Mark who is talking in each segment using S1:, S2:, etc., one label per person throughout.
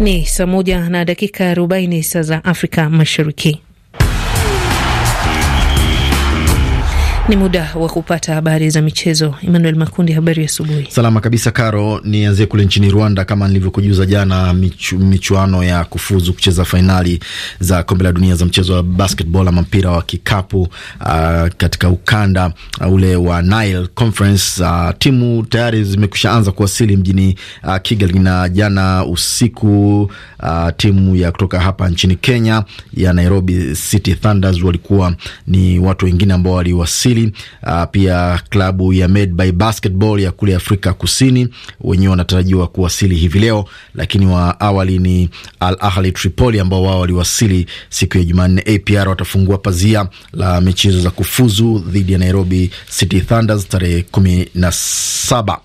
S1: Ni saa moja na dakika arobaini saa za Afrika Mashariki. Ni muda wa kupata habari za michezo. Emmanuel Makundi, habari asubuhi.
S2: Salama kabisa Karo, nianzie kule nchini Rwanda. Kama nilivyokujuza jana, michu, michuano ya kufuzu kucheza fainali za kombe la dunia za mchezo wa basketball ama mpira wa kikapu uh, katika ukanda uh, ule wa Nile Conference uh, timu tayari zimekusha anza kuwasili mjini uh, Kigali, na jana usiku uh, timu ya kutoka hapa nchini Kenya ya Nairobi City Thunders walikuwa ni watu wengine ambao waliwasili Kiswahili. Uh, pia klabu ya Made by Basketball ya kule Afrika Kusini wenyewe wanatarajiwa kuwasili hivi leo, lakini wa awali ni Al Ahli Tripoli ambao wao waliwasili siku ya Jumanne. APR watafungua pazia la michezo za kufuzu dhidi ya Nairobi City Thunders tarehe kumi na saba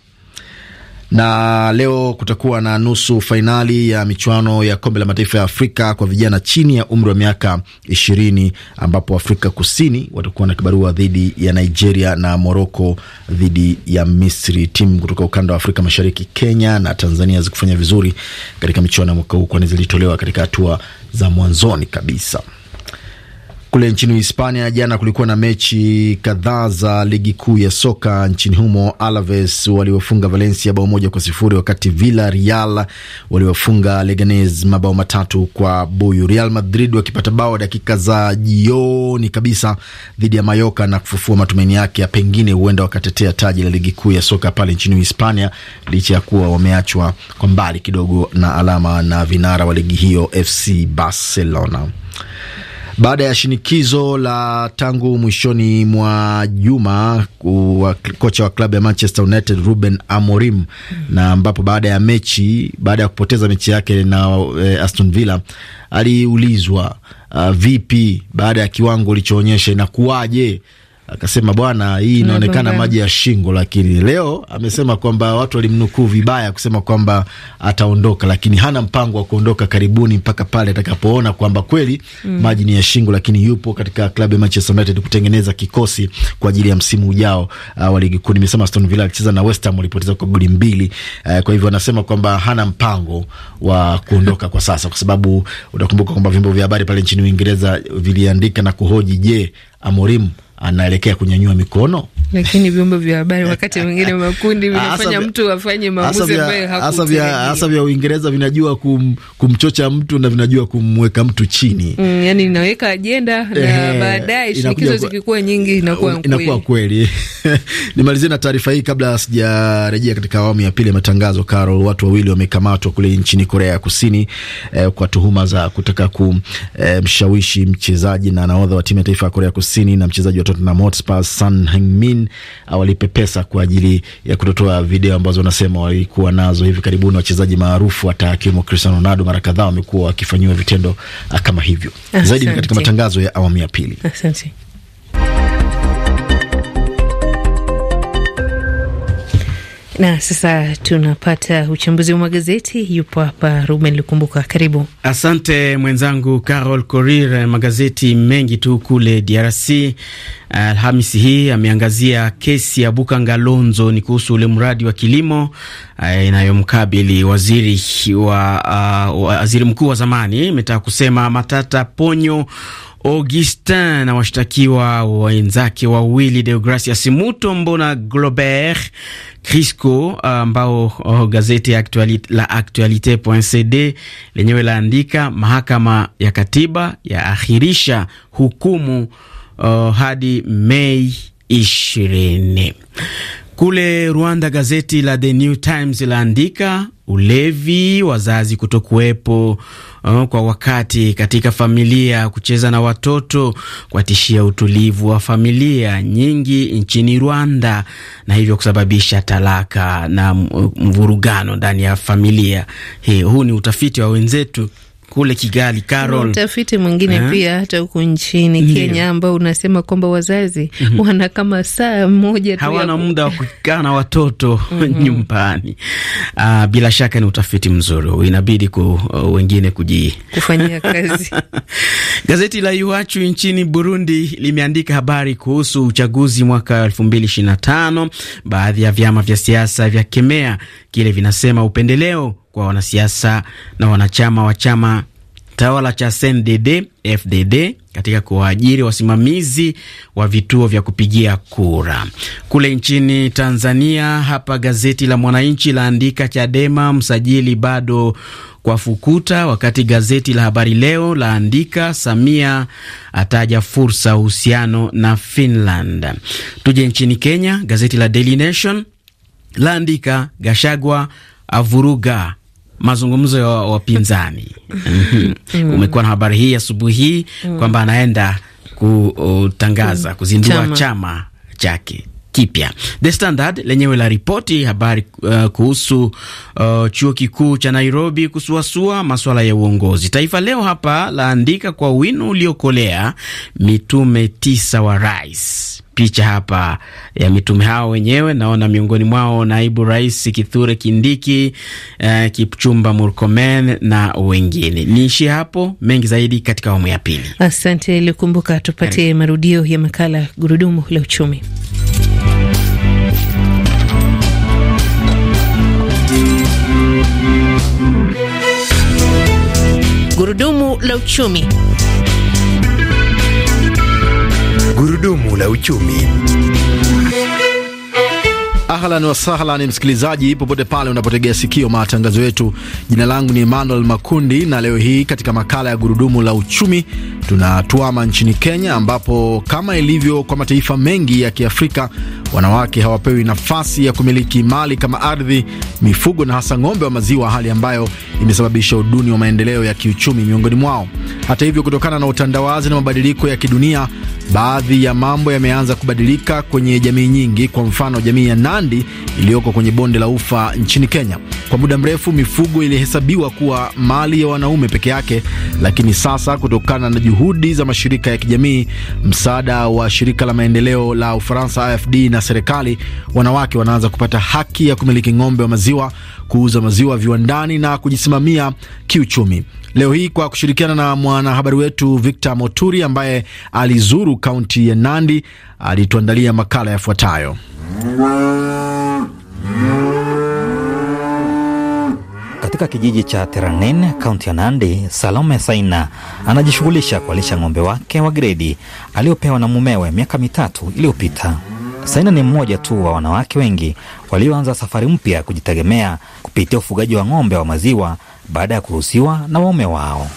S2: na leo kutakuwa na nusu fainali ya michuano ya kombe la mataifa ya Afrika kwa vijana chini ya umri wa miaka ishirini ambapo Afrika Kusini watakuwa na kibarua dhidi ya Nigeria na Moroko dhidi ya Misri. Timu kutoka ukanda wa Afrika Mashariki, Kenya na Tanzania zikufanya vizuri katika michuano ya mwaka huu, kwani zilitolewa katika hatua za mwanzoni kabisa. Kule nchini Hispania jana kulikuwa na mechi kadhaa za ligi kuu ya soka nchini humo. Alaves waliofunga Valencia bao moja kwa sifuri wakati villa Real waliofunga Leganes mabao matatu kwa buyu. Real Madrid wakipata bao dakika za jioni kabisa dhidi ya Mayoka na kufufua matumaini yake ya pengine huenda wakatetea taji la ligi kuu ya soka pale nchini Hispania, licha ya kuwa wameachwa kwa mbali kidogo na alama na vinara wa ligi hiyo FC Barcelona baada ya shinikizo la tangu mwishoni mwa juma kocha wa klabu ya Manchester United Ruben Amorim mm na ambapo baada ya mechi baada ya kupoteza mechi yake na eh, Aston Villa aliulizwa uh, vipi baada ya kiwango ulichoonyesha inakuwaje akasema bwana, hii inaonekana maji ya shingo, lakini leo amesema kwamba watu walimnukuu vibaya kusema kwamba ataondoka, lakini hana mpango wa kuondoka karibuni mpaka pale atakapoona kwamba kweli mm. maji ni ya shingo, lakini yupo katika klabu ya Manchester United kutengeneza kikosi kwa ajili ya msimu ujao uh, wa ligi kuu. Nimesema Aston Villa alicheza na West Ham walipoteza kwa goli mbili. Uh, kwa hivyo anasema kwamba hana mpango wa kuondoka kwa sasa, kwa sababu utakumbuka kwamba vyombo vya habari pale nchini Uingereza viliandika na kuhoji, je, Amorim anaelekea kunyanyua mikono.
S1: Lakini vyombo vya habari wakati mwingine makundi vinafanya mtu afanye maamuzi ambayo
S3: hakutarajiwa.
S2: Hasa vya Uingereza vinajua kum, kumchocha mtu na vinajua kumweka mtu chini.
S1: Mm, yani inaweka ajenda na baadaye shinikizo zikikuwa nyingi inakuwa kweli, inakuwa
S2: kweli. Nimalizie na taarifa hii kabla sijarejea katika awamu ya pili ya matangazo. Carol, watu wawili wamekamatwa kule nchini Korea ya Kusini eh, kwa tuhuma za kutaka kumshawishi eh, mchezaji na nahodha wa timu ya taifa ya Korea Kusini na mchezaji wa Tottenham Hotspur Sun Heung-min walipepesa kwa ajili ya kutotoa video ambazo wanasema walikuwa nazo. Hivi karibuni wachezaji maarufu hata akiwemo Cristiano Ronaldo mara kadhaa wamekuwa wakifanyiwa vitendo ah, kama hivyo.
S1: Asante. Zaidi ni katika matangazo
S2: ya awamu ya pili.
S1: Asante. Na sasa tunapata uchambuzi wa magazeti. Yupo hapa Ruben Lukumbuka, karibu.
S4: Asante mwenzangu Carol Korir. Magazeti mengi tu kule DRC Alhamisi hii ameangazia kesi ya buka ngalonzo ni kuhusu ule mradi wa kilimo eh, inayomkabili waziri wa, uh, waziri mkuu wa zamani, imetaka kusema Matata Ponyo Augustin na washtakiwa wenzake wawili Deogracias Mutombo na Globert Crisco ambao uh, gazeti ya actualite, la actualite.cd lenyewe laandika mahakama ya katiba yaahirisha hukumu uh, hadi Mei ishirini. Kule Rwanda gazeti la The New Times laandika ulevi, wazazi kutokuwepo uh, kwa wakati katika familia, kucheza na watoto kwatishia utulivu wa familia nyingi nchini Rwanda, na hivyo kusababisha talaka na mvurugano ndani ya familia. Hey, huu ni utafiti wa wenzetu kule Kigali. Carol,
S1: utafiti mwingine ha? Eh? pia hata huku nchini Ndiyo. Kenya ambao unasema kwamba wazazi mm -hmm. wana kama saa moja tu hawana
S4: muda wa kukaa na watoto mm -hmm. nyumbani. Uh, bila shaka ni utafiti mzuri, inabidi ku uh, wengine kuji
S1: kufanyia kazi.
S4: Gazeti la Iwachu nchini Burundi limeandika habari kuhusu uchaguzi mwaka elfu mbili tano. baadhi ya vyama vya siasa vya kemea kile vinasema upendeleo kwa wanasiasa na wanachama wa chama tawala cha CNDD FDD katika kuwaajiri wasimamizi wa vituo vya kupigia kura. Kule nchini Tanzania, hapa gazeti la Mwananchi laandika Chadema msajili bado kwa fukuta, wakati gazeti la Habari Leo laandika Samia ataja fursa uhusiano na Finland. Tuje nchini Kenya, gazeti la Daily Nation Landika Gashagwa avuruga mazungumzo ya wapinzani. Mm-hmm. Umekuwa na habari hii asubuhi hii mm. kwamba anaenda kutangaza mm. kuzindua chama, chama chake kipya. The Standard lenyewe la ripoti habari uh, kuhusu uh, chuo kikuu cha Nairobi kusuasua masuala ya uongozi. Taifa Leo hapa laandika kwa wino uliokolea mitume tisa wa rais picha hapa ya mitume hao wenyewe. Naona miongoni mwao naibu rais Kithure Kindiki, eh, Kipchumba Murkomen na wengine. Niishie hapo, mengi zaidi katika awamu ya pili.
S1: Asante Likumbuka, tupatie marudio ya makala Gurudumu la Uchumi. Gurudumu la Uchumi.
S5: Gurudumu la uchumi.
S2: Ahlan wasahlan, msikilizaji popote pale unapotegea sikio matangazo yetu. Jina langu ni Emmanuel Makundi, na leo hii katika makala ya gurudumu la uchumi tunatuama nchini Kenya, ambapo kama ilivyo kwa mataifa mengi ya Kiafrika, wanawake hawapewi nafasi ya kumiliki mali kama ardhi, mifugo na hasa ng'ombe wa maziwa, hali ambayo imesababisha uduni wa maendeleo ya kiuchumi miongoni mwao. Hata hivyo, kutokana na utandawazi na mabadiliko ya kidunia, baadhi ya mambo yameanza kubadilika kwenye jamii nyingi. Kwa mfano, jamii ya Marandi iliyoko kwenye bonde la Ufa nchini Kenya. Kwa muda mrefu mifugo ilihesabiwa kuwa mali ya wanaume peke yake, lakini sasa kutokana na juhudi za mashirika ya kijamii, msaada wa shirika la maendeleo la Ufaransa AFD na serikali, wanawake wanaanza kupata haki ya kumiliki ng'ombe wa maziwa, kuuza maziwa viwandani na kujisimamia kiuchumi. Leo hii kwa kushirikiana na mwanahabari wetu Victor Moturi ambaye alizuru kaunti ya Nandi alituandalia makala
S6: yafuatayo. Katika kijiji cha Teranen, kaunti ya Nandi, Salome Saina anajishughulisha kualisha ng'ombe wake wa gredi aliopewa na mumewe miaka mitatu iliyopita. Saina ni mmoja tu wa wanawake wengi walioanza safari mpya kujitegemea kupitia ufugaji wa ng'ombe wa maziwa baada ya kuruhusiwa na waume wao.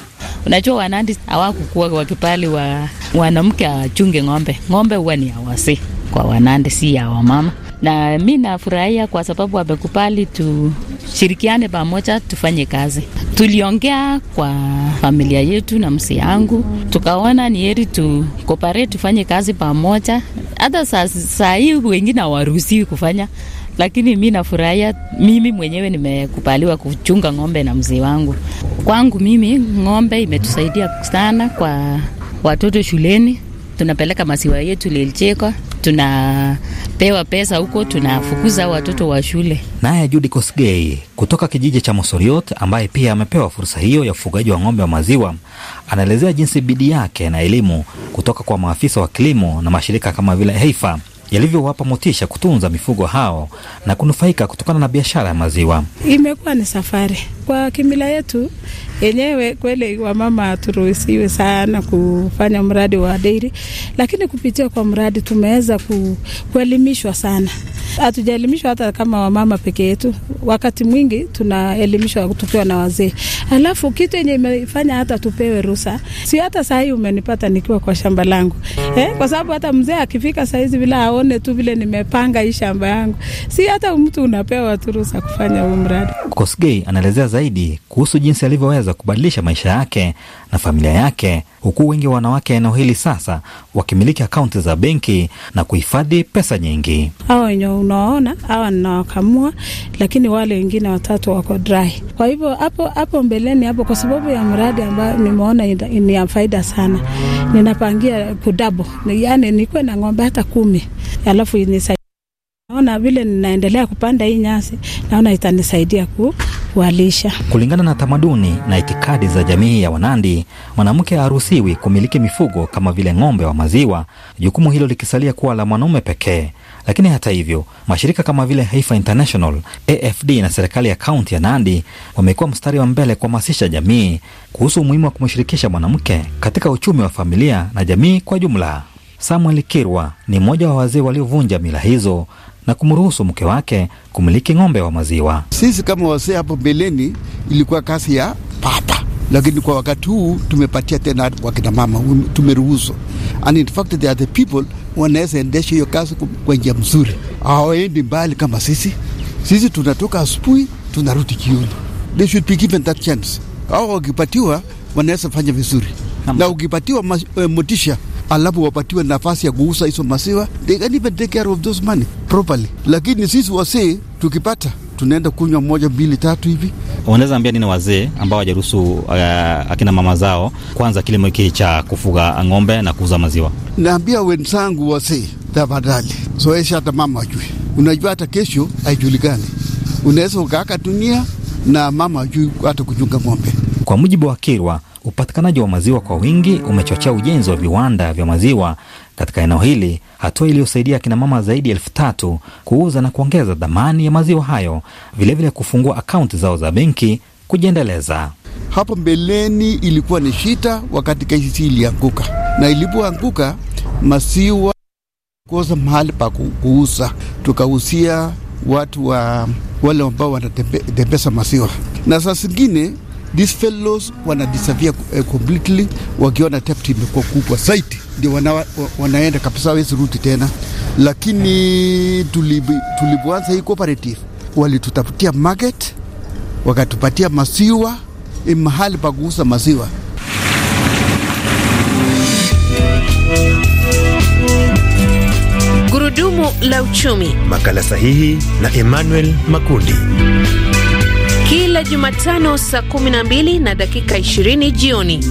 S7: Unajua, Wanandi hawakukua wakipali wa wanamke awachunge ng'ombe. Ng'ombe huwa ni awasi kwa Wanande, si ya wamama. Na mi nafurahia kwa sababu wamekubali tushirikiane pamoja, tufanye kazi. Tuliongea kwa familia yetu na msi yangu, tukaona ni heri tukopare, tufanye kazi pamoja. Hata saa sa hii wengine hawaruhusiwi kufanya lakini mi nafurahia, mimi mwenyewe nimekubaliwa kuchunga ng'ombe na mzee wangu. Kwangu mimi ng'ombe imetusaidia sana, kwa watoto shuleni tunapeleka maziwa yetu Lelcheko tunapewa pesa huko, tunafukuza watoto wa shule.
S6: Naye judi Kosgei kutoka kijiji cha Mosoriot, ambaye pia amepewa fursa hiyo ya ufugaji wa ng'ombe wa maziwa, anaelezea jinsi bidii yake na elimu kutoka kwa maafisa wa kilimo na mashirika kama vile Heifa yalivyowapa motisha kutunza mifugo hao na kunufaika kutokana na biashara ya maziwa.
S3: Imekuwa ni safari kwa kimila yetu yenyewe. Kweli wamama turuhusiwe sana kufanya mradi wa deri, lakini kupitia kwa mradi tumeweza kuelimishwa sana hatujaelimishwa hata kama wamama peke yetu, wakati mwingi tunaelimishwa tukiwa na wazee. Alafu kitu yenye imefanya hata tupewe ruhusa, si hata sahii umenipata nikiwa kwa shamba langu eh, kwa sababu hata mzee akifika sahizi bila aone tu vile nimepanga hii shamba yangu, si hata mtu unapewa tu ruhusa kufanya huu mradi.
S6: Kosgei anaelezea zaidi kuhusu jinsi alivyoweza kubadilisha maisha yake na familia yake huku wengi wanawake eneo hili sasa wakimiliki akaunti za benki na kuhifadhi pesa nyingi.
S3: Hawa wenye unawaona hawa ninawakamua, lakini wale wengine watatu wako dry. Kwa hivyo hapo hapo mbeleni hapo, kwa sababu ya mradi ambayo nimeona ni ya faida sana, ninapangia kudabo, yaani nikuwe na ng'ombe hata kumi alafu naona vile ninaendelea kupanda hii nyasi, naona itanisaidia ku, kuwalisha.
S6: Kulingana na tamaduni na itikadi za jamii ya Wanandi, mwanamke haruhusiwi kumiliki mifugo kama vile ng'ombe wa maziwa, jukumu hilo likisalia kuwa la mwanaume pekee. Lakini hata hivyo, mashirika kama vile Haifa International, AFD na serikali ya kaunti ya Nandi wamekuwa mstari wa mbele kuhamasisha jamii kuhusu umuhimu wa kumshirikisha mwanamke katika uchumi wa familia na jamii kwa jumla. Samuel Kirwa ni mmoja wa wazee waliovunja mila hizo na kumruhusu mke wake kumiliki ng'ombe wa maziwa.
S5: Sisi kama wazee hapo mbeleni ilikuwa kazi ya papa, lakini kwa wakati huu tumepatia tena wakinamama, tumeruhusu and in fact they are the people wanaweza endesha hiyo kazi kwa njia mzuri, hawaendi mbali kama sisi. Sisi tunatoka asubuhi tunarudi jioni. They should be given that chance. Hao wakipatiwa wanaweza fanya vizuri, na ukipatiwa eh, motisha alafu wapatiwe nafasi ya kuuza hizo maziwa, they can even take care of those money properly. Lakini sisi wasee tukipata tunaenda kunywa moja mbili tatu hivi.
S6: Unaweza ambia nini wazee ambao wajaruhusu uh, akina mama zao kwanza kilimo hiki cha kufuga ng'ombe na kuuza maziwa?
S5: Naambia wenzangu wazee, tafadhali zoesha hata mama ajue. Unajua hata kesho haijulikani, unaweza ukaaka dunia na mama ajui hata kuchunga ng'ombe. Kwa mujibu wa Kirwa, Upatikanaji
S6: wa maziwa kwa wingi umechochea ujenzi wa viwanda vya maziwa katika eneo hili, hatua iliyosaidia akina mama zaidi ya elfu tatu kuuza na kuongeza dhamani ya maziwa hayo, vilevile vile kufungua akaunti zao za
S5: benki kujiendeleza. Hapo mbeleni ilikuwa ni shita wakati KCC ilianguka, na ilipoanguka maziwa kosa mahali pa kuuza, tukahusia watu wa wale ambao wanatembeza maziwa, na saa zingine these fellows wanadisappear eh, completely, wakiona theft imekuwa kubwa zaidi, ndio wana, wanaenda kabisa, wezi rudi tena. Lakini tulipoanza hii cooperative walitutafutia market, wakatupatia maziwa, eh, mahali pa kuuza maziwa.
S1: Gurudumu la uchumi,
S6: makala sahihi na Emmanuel Makundi
S1: kila Jumatano saa 12 na dakika 20 jioni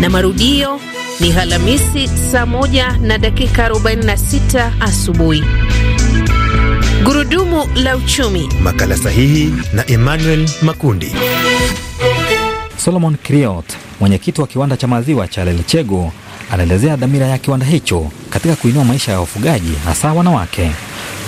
S1: na marudio ni Halamisi saa 1 na dakika 46 asubuhi. Gurudumu la uchumi,
S6: makala sahihi na Emmanuel Makundi. Solomon Kriot, mwenyekiti wa kiwanda cha maziwa cha Lelechego, anaelezea dhamira ya kiwanda hicho katika kuinua maisha ya wafugaji, hasa wanawake.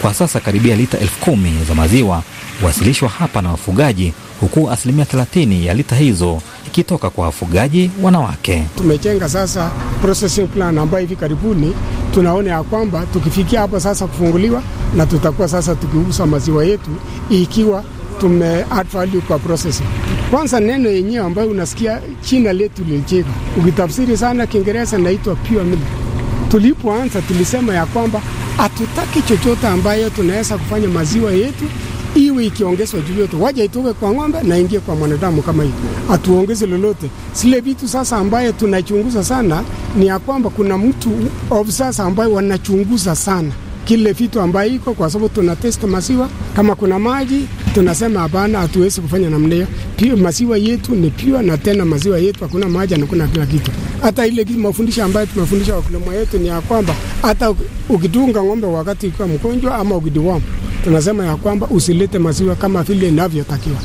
S6: Kwa sasa karibia lita elfu kumi za maziwa huwasilishwa hapa na wafugaji, huku asilimia 30 ya lita hizo ikitoka kwa wafugaji wanawake.
S8: Tumejenga sasa processing plan ambayo hivi karibuni tunaona ya kwamba tukifikia hapa sasa kufunguliwa na tutakuwa sasa tukiuza maziwa yetu ikiwa tume add value kwa processing. Kwanza neno yenyewe ambayo unasikia china letu lilicheka, ukitafsiri sana Kiingereza naitwa pure milk. Tulipoanza tulisema ya kwamba hatutaki chochote ambayo tunaweza kufanya maziwa yetu iwe ikiongezwa juu yote, waje itoke kwa ng'ombe na ingie kwa mwanadamu kama hivi, atuongeze lolote sile vitu. Sasa ambaye tunachunguza sana ni ya kwamba kuna mtu of sasa ambaye wanachunguza sana kile vitu ambayo iko, kwa sababu tuna test maziwa, kama kuna maji, tunasema hapana, hatuwezi kufanya namna hiyo. Pia maziwa yetu ni pia na tena maziwa yetu hakuna maji na kuna kila kitu. Hata ile kitu mafundisho ambayo tumefundisha wakulima wetu ni ya kwamba hata ukidunga ng'ombe wakati ikiwa mgonjwa ama ukidiwamu tunasema ya kwamba usilete maziwa kama vile inavyotakiwa.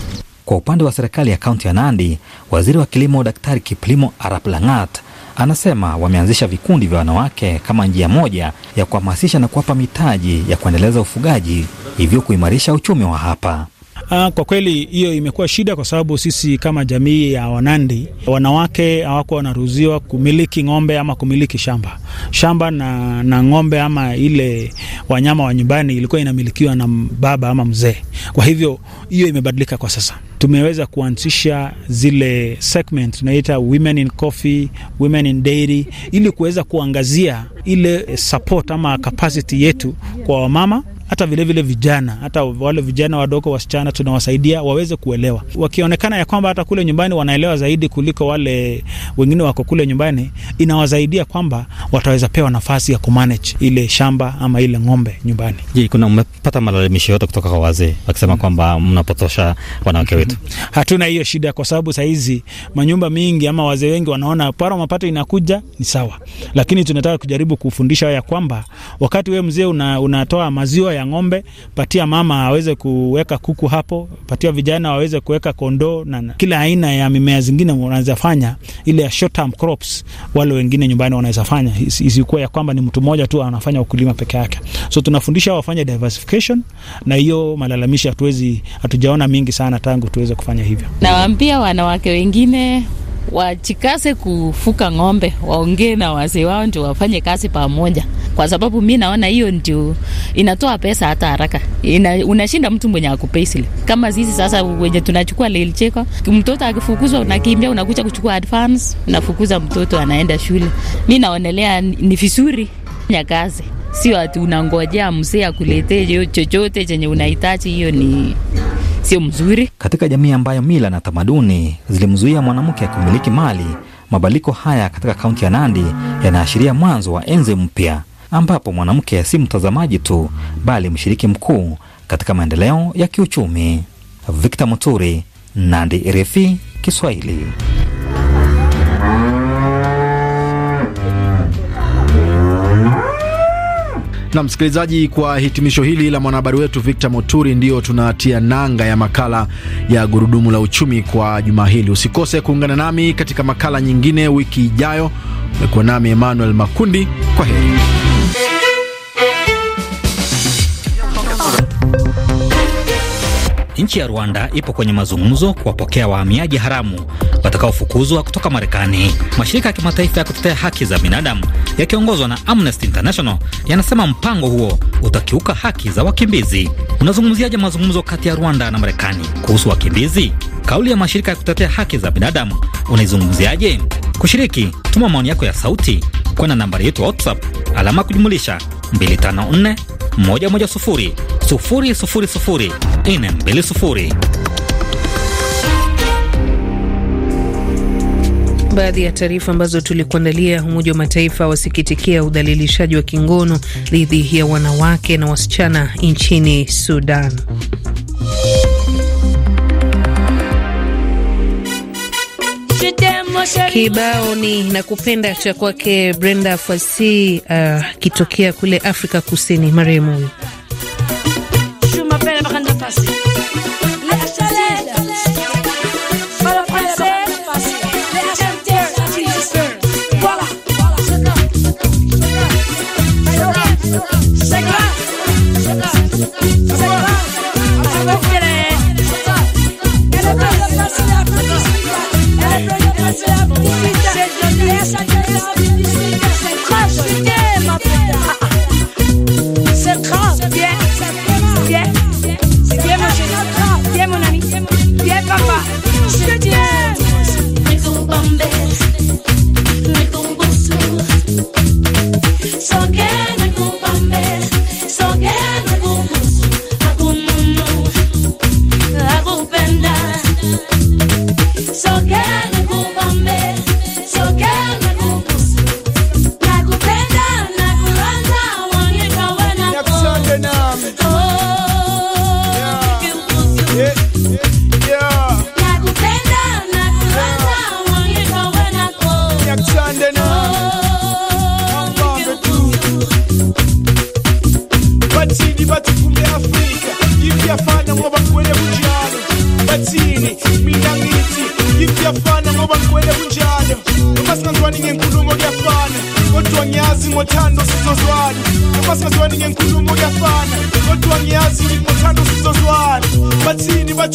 S6: Kwa upande wa serikali ya kaunti ya Nandi, waziri wa kilimo Daktari Kiplimo Arap Langat anasema wameanzisha vikundi vya wanawake kama njia moja ya kuhamasisha na kuwapa mitaji ya kuendeleza ufugaji, hivyo kuimarisha uchumi wa hapa.
S9: Ah, kwa kweli hiyo imekuwa shida kwa sababu sisi kama jamii ya Wanandi wanawake hawako wanaruhusiwa kumiliki ng'ombe ama kumiliki shamba shamba na, na ng'ombe ama ile wanyama wa nyumbani ilikuwa inamilikiwa na baba ama mzee. Kwa hivyo hiyo imebadilika kwa sasa tumeweza kuanzisha zile segment tunaita women in coffee, women in dairy, ili kuweza kuangazia ile support ama capacity yetu kwa wamama hata vilevile vile vijana, hata wale vijana wadogo, wasichana tunawasaidia waweze kuelewa, wakionekana ya kwamba hata kule nyumbani wanaelewa zaidi kuliko wale wengine wako kule nyumbani, inawasaidia kwamba wataweza pewa nafasi ya kumanage ile shamba ama ile ng'ombe nyumbani.
S6: Je, kuna umepata malalamisho yote kutoka kwa wazee wakisema mm, kwamba mnapotosha wanawake wetu?
S9: Hatuna hiyo shida, kwa sababu sahizi manyumba mingi ama wazee wengi wanaona para mapato inakuja ni sawa, lakini tunataka kujaribu kufundisha ya kwamba wakati wewe mzee una, unatoa maziwa ya ng'ombe, patia mama aweze kuweka kuku hapo, patia vijana waweze kuweka kondoo na kila aina ya mimea zingine wanaweza fanya, ile ya short term crops wale wengine nyumbani wanaweza fanya, isikuwa ya kwamba ni mtu mmoja tu anafanya ukulima peke yake. So tunafundisha wafanye diversification, na hiyo malalamishi hatuwezi, hatujaona mingi sana tangu tuweze kufanya
S3: hivyo.
S7: Nawaambia wanawake wengine wachikase kufuka ng'ombe, waongee na wazee wao ndio wafanye kazi pamoja kwa sababu mi naona hiyo ndio inatoa pesa hata haraka. Ina, unashinda mtu mwenye akupei slip kama sisi sasa wenye tunachukua lil Mtoto akifukuzwa unakimbia unakuja kuchukua advance, unafukuza mtoto anaenda shule. Mi naonelea ni vizuri nyakaze Sio ati unangojea mzee akuletee hiyo chochote chenye unahitaji. Hiyo ni sio mzuri
S6: katika jamii ambayo mila na tamaduni zilimzuia mwanamke akimiliki mali. Mabadiliko haya katika kaunti ya Nandi yanaashiria mwanzo wa enzi mpya ambapo mwanamke si mtazamaji tu bali mshiriki mkuu katika maendeleo ya kiuchumi. Victor Muturi, Nandi, RFI Kiswahili. Na msikilizaji, kwa hitimisho
S2: hili la mwanahabari wetu Victor Moturi, ndiyo tunatia nanga ya makala ya gurudumu la uchumi kwa juma hili. Usikose kuungana nami katika makala nyingine wiki ijayo.
S6: Umekuwa nami Emmanuel Makundi, kwa heri. Nchi ya Rwanda ipo kwenye mazungumzo kuwapokea wahamiaji haramu watakaofukuzwa kutoka Marekani. Mashirika ya kimataifa ya kutetea haki za binadamu yakiongozwa na Amnesty International yanasema mpango huo utakiuka haki za wakimbizi. Unazungumziaje mazungumzo kati ya Rwanda na Marekani kuhusu wakimbizi? Kauli ya mashirika ya kutetea haki za binadamu unaizungumziaje? Kushiriki, tuma maoni yako ya sauti kwenda nambari yetu WhatsApp alama kujumulisha 254 110
S1: Baadhi ya taarifa ambazo tulikuandalia: Umoja wa Mataifa wasikitikia udhalilishaji wa kingono dhidi ya wanawake na wasichana nchini Sudan. Kibao ni nakupenda cha kwake Brenda Fassie, uh, kitokea kule Afrika Kusini, marehemu
S10: así.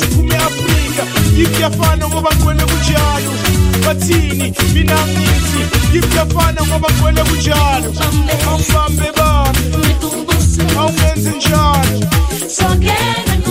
S10: kumeafrika ibyafana ngoba ngigwele kunjalo bathini mina ngithi ibyafana ngoba ngigwele kunjalo awubambe bami awungenzi njalo sokena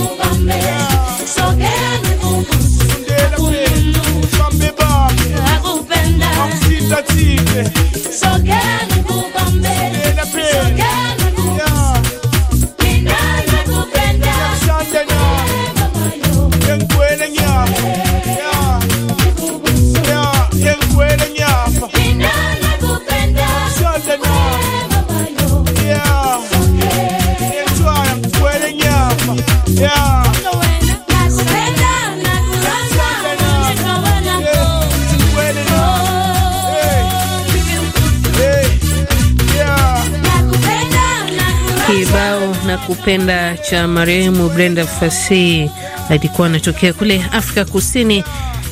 S1: Kibao na kupenda cha marehemu Brenda Fassie alikuwa anatokea kule Afrika Kusini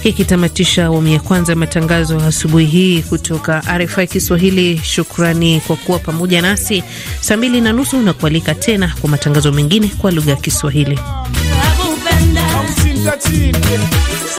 S1: ikitamatisha awamu ya kwanza ya matangazo asubuhi hii kutoka RFI Kiswahili. Shukrani kwa kuwa pamoja nasi. Saa mbili na nusu na kualika tena kwa matangazo mengine kwa lugha ya Kiswahili.